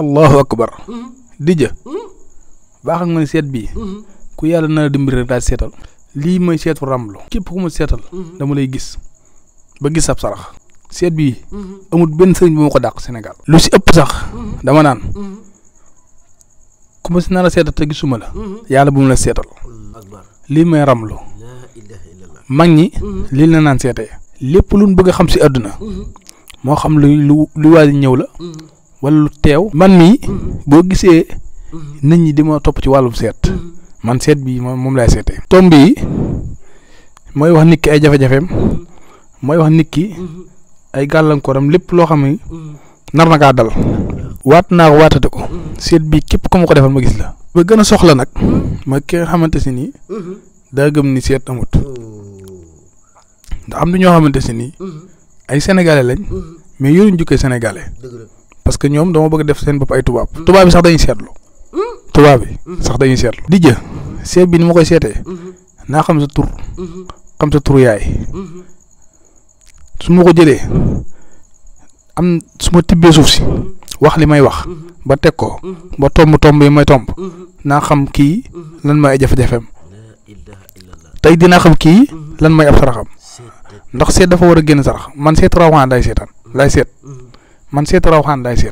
allahu akbar mm-hmm. di jë mm-hmm. baax ak man seet bi mm-hmm. ku yàlla na la dimbali rek daal seetal lii mooy seetu ramlu képp ku ma seetal dama lay gis ba gis ab sarax seet bii amul benn sëriñ bu ma ko dàq Sénégal lu si ëpp sax dama naan ku ma si nar a seetal te gisuma la yàlla bu mu la seetal lii may ramlu mag ñi lii la naan seetee lépp lu ñu bëgg a xam si àdduna moo xam lu lu lu waaj ñëw la wala lu teew man mii mm-hmm. boo gisee mm-hmm. nit ñi di ma topp ci wàllum seet mm-hmm. man seet bi moom laay seetee tomb yi mooy wax nit ay jafe-jafeem mooy wax nit ki ay gàllankooram lépp loo xam ne nar na kaa dal waat naa ko ko seet bi képp ku ma ko defal ma gis la ba gën a soxla nag ma ki nga xamante si nii daa gëm ni seet amut oh. ndax am na ñoo xamante si nii ay sénégalais lañ mais yoruñ jukkee sénégalais parce que ñoom dama bëgg def seen bopp ay tubaab. Mm-hmm. tubaab bi sax dañuy seetlu. Mm-hmm. tubaab mm-hmm. sax dañuy seetlu. di jë seet bi ni ma koy seetee. naa xam sa tur. xam sa tur yaay. su ma ko jëlee am su ma tibbee suuf si wax li may wax ba teg ko ba tomb tomb yi may tomb naa xam kii lan may ay jafe-jafeem tey dinaa xam kii lan may ab saraxam ndax seet dafa war a génn sarax man seet rawaxaan lay seet man seetu raw xaan laay seet